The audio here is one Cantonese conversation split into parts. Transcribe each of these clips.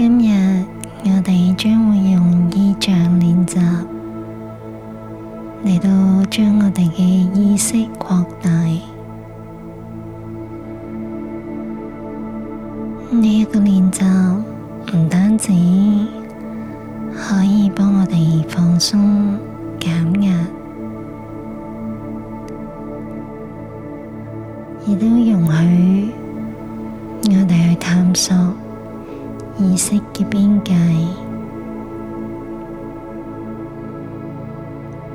今日我哋將會用意象練習嚟到將我哋嘅意識擴大。呢、這、一個練習唔單止可以幫我哋放鬆、減壓，亦都容許我哋去探索。意識嘅邊界，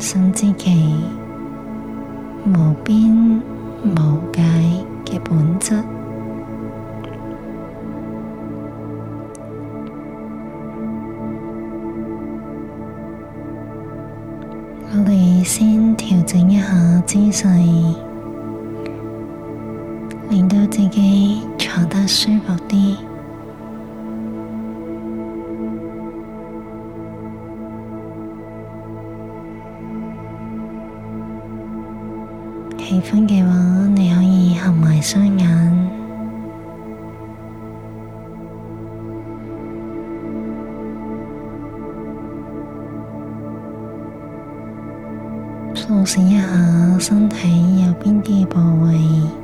甚至其無邊無界嘅本質。我哋先調整一下姿勢，令到自己坐得舒服啲。喜歡嘅話，你可以合埋雙眼，掃視一下身體有邊啲部位。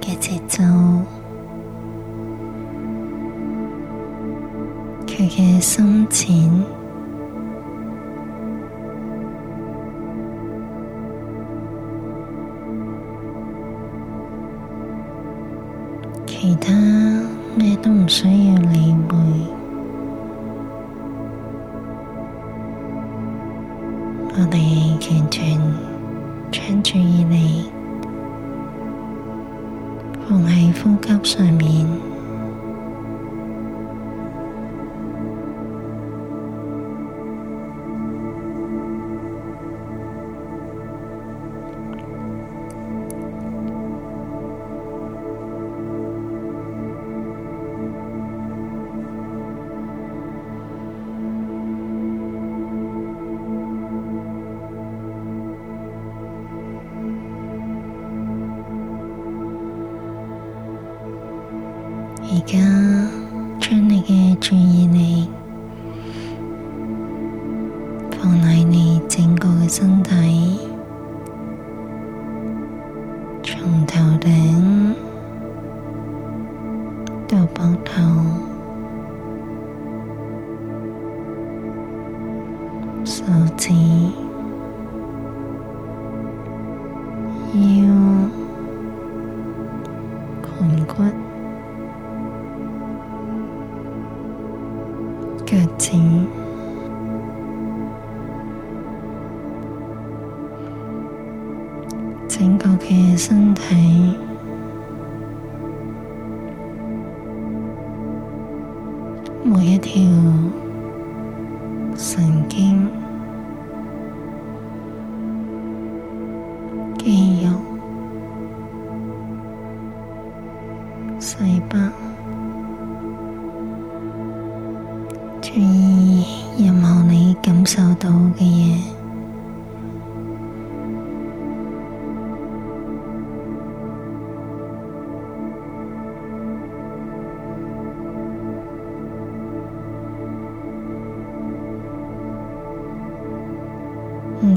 嘅節奏，佢嘅深淺。腰、臀骨、腳趾，整個嘅身體每一條。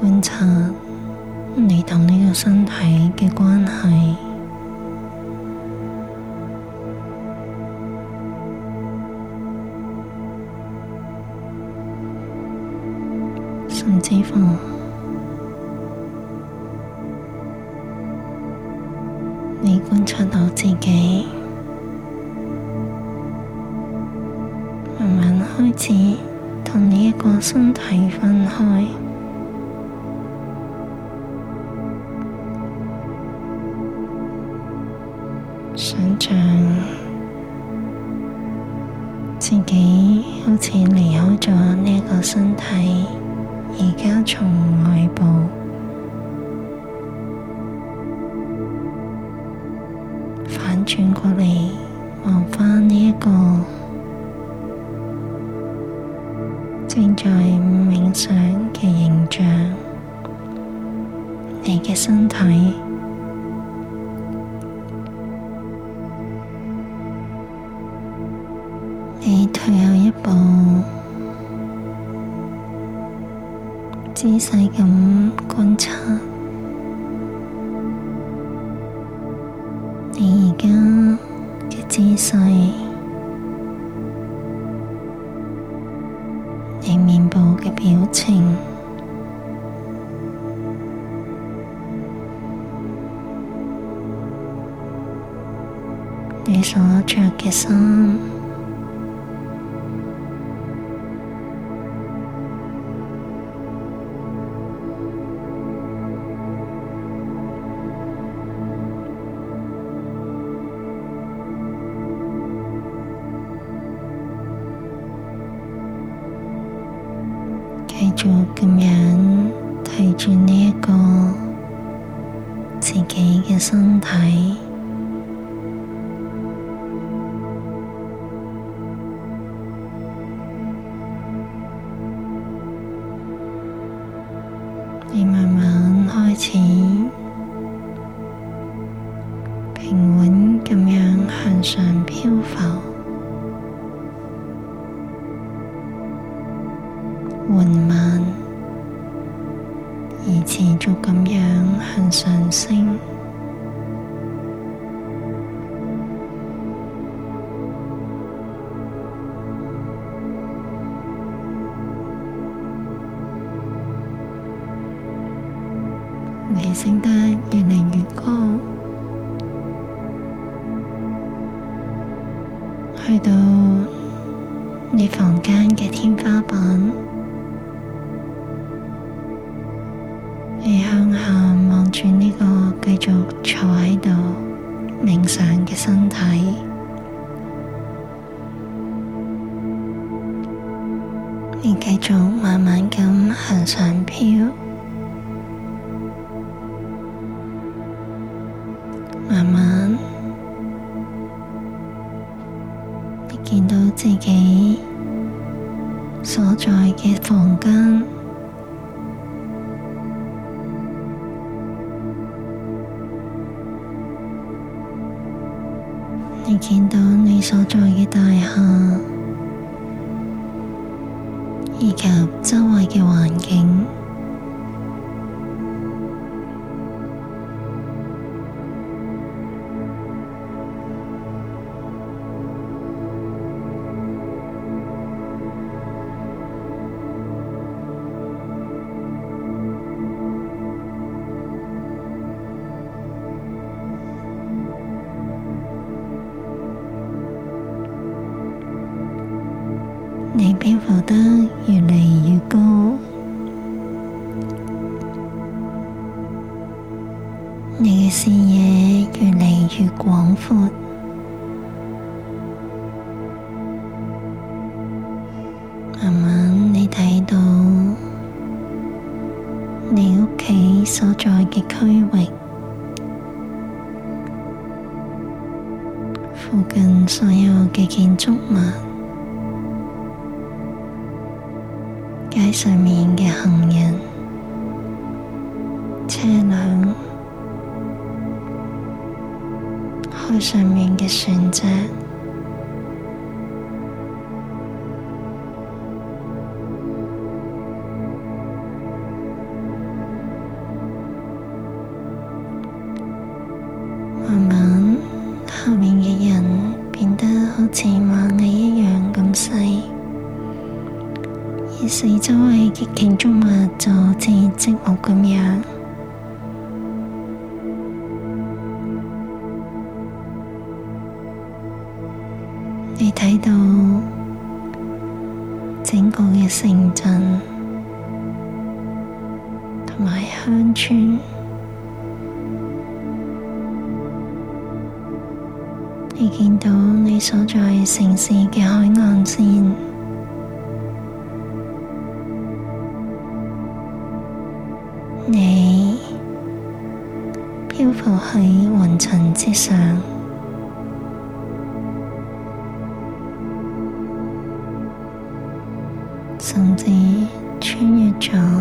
觀察你同呢個身體嘅關係，甚至乎你觀察到自己，慢慢開始同呢一個身體。自己好似離開咗呢一個身體，而家從外部反轉過嚟，望返呢一個正在冥想嘅形象，你嘅身體。仔細咁觀察你而家嘅姿勢，你面部嘅表情，你所着嘅衫。你慢慢開始，平穩咁樣向上漂浮。天花板，你向下望住呢個繼續坐喺度冥想嘅身體，你繼續慢慢咁向上飄。嘅房間，你見到你所在嘅大廈以及周圍嘅環境。睇到你屋企所在嘅區域，附近所有嘅建築物、街上面嘅行人、車輛、海上面嘅船隻。四周嘅景物就好似積木咁樣，你睇到整個嘅城鎮同埋鄉村，你見到你所在城市嘅海岸線。喺雲層之上，甚至穿越咗。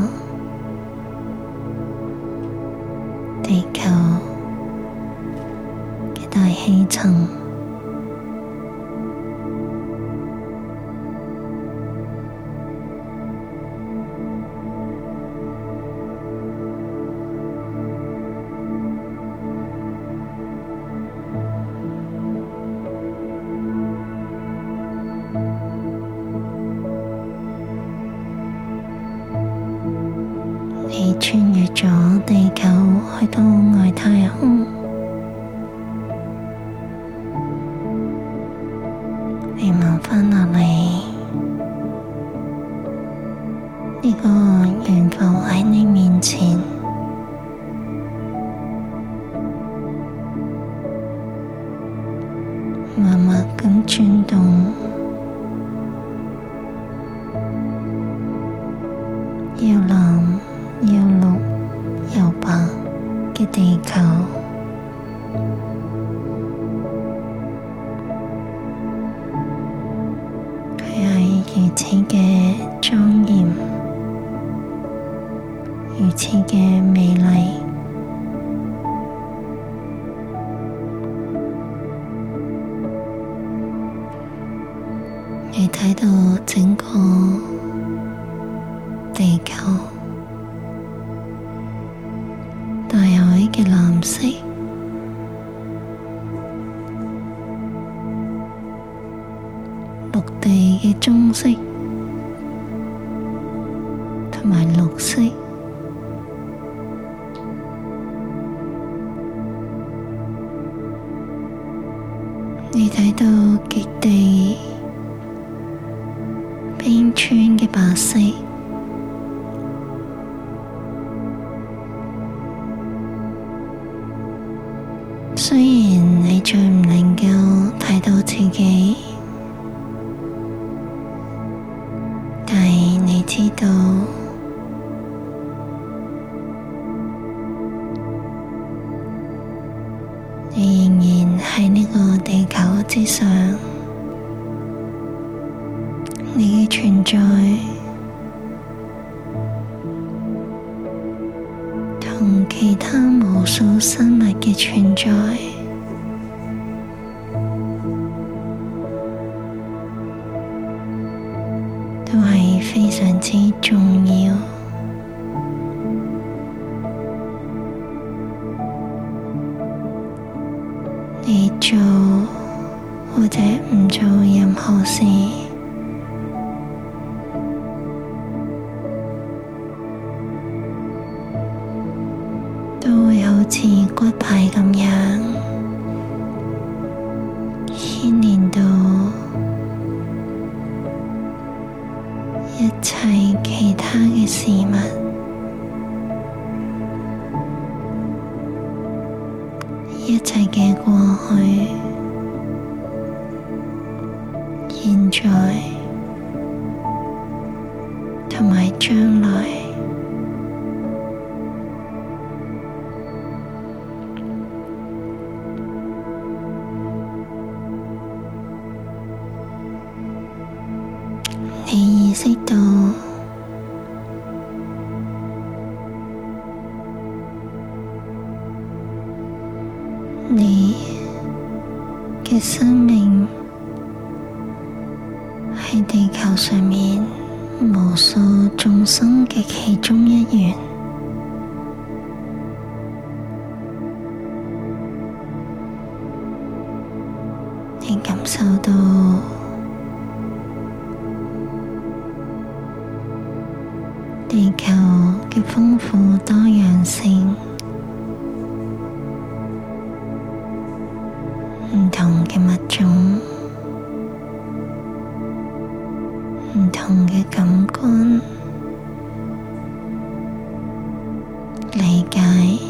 我懸浮喺你面前。藍色、陸地嘅棕色同埋綠色，你睇到極地？喺呢個地球之上，你嘅存在同其他無數生物嘅存在。都會好似骨牌咁樣牽連到一切其他嘅事物。你嘅生命係地球上面無數眾生嘅其中一員。理解。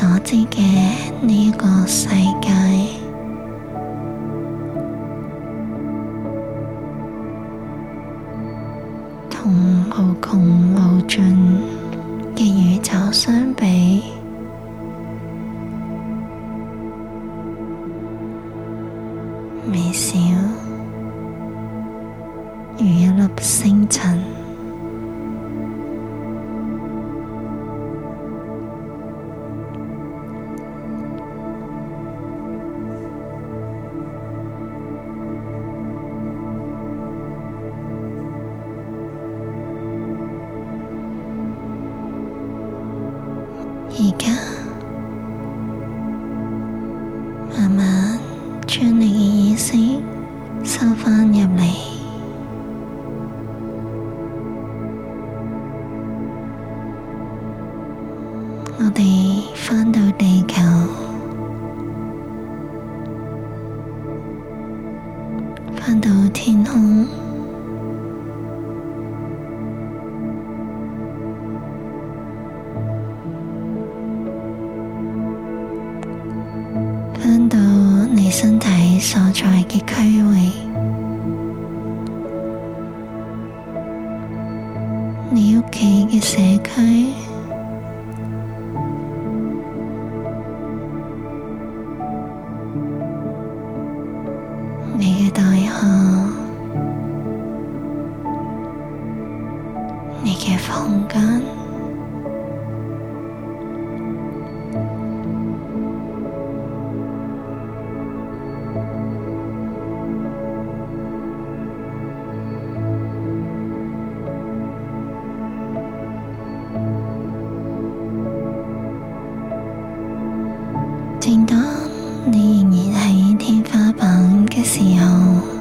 所知嘅呢個世界。身體所在嘅區域，你屋企嘅社區。正當你仍然喺天花板嘅時候。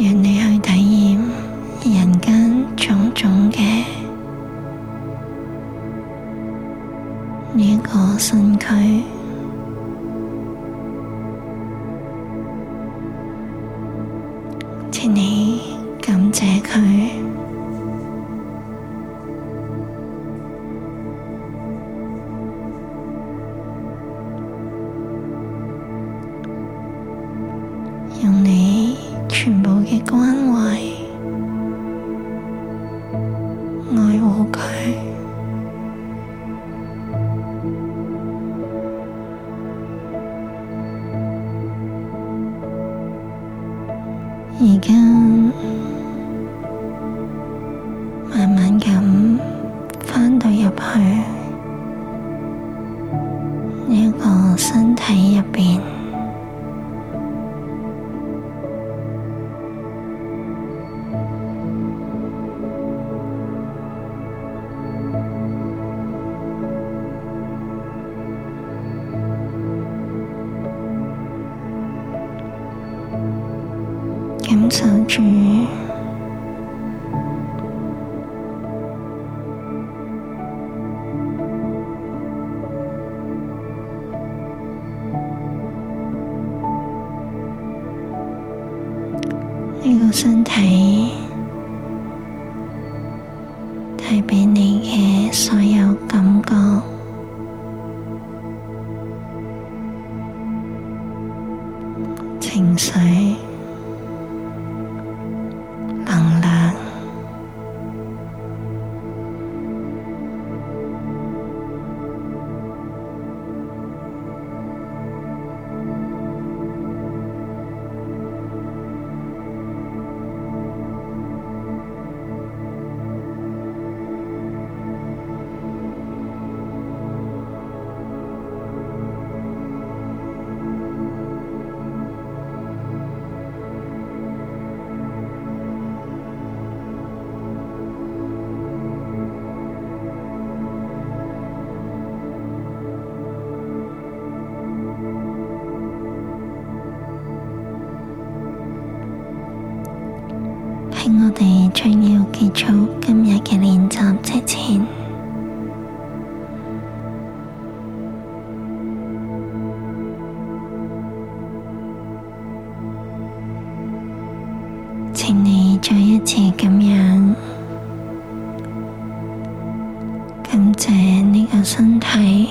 讓你去體驗人間種種嘅呢個身軀。你看。呢個身體。你將要結束今日嘅練習之前，請你再一次咁樣，感謝呢個身體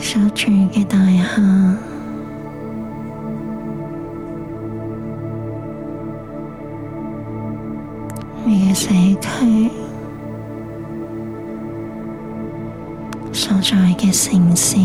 所住嘅大廈。社區所在嘅城市。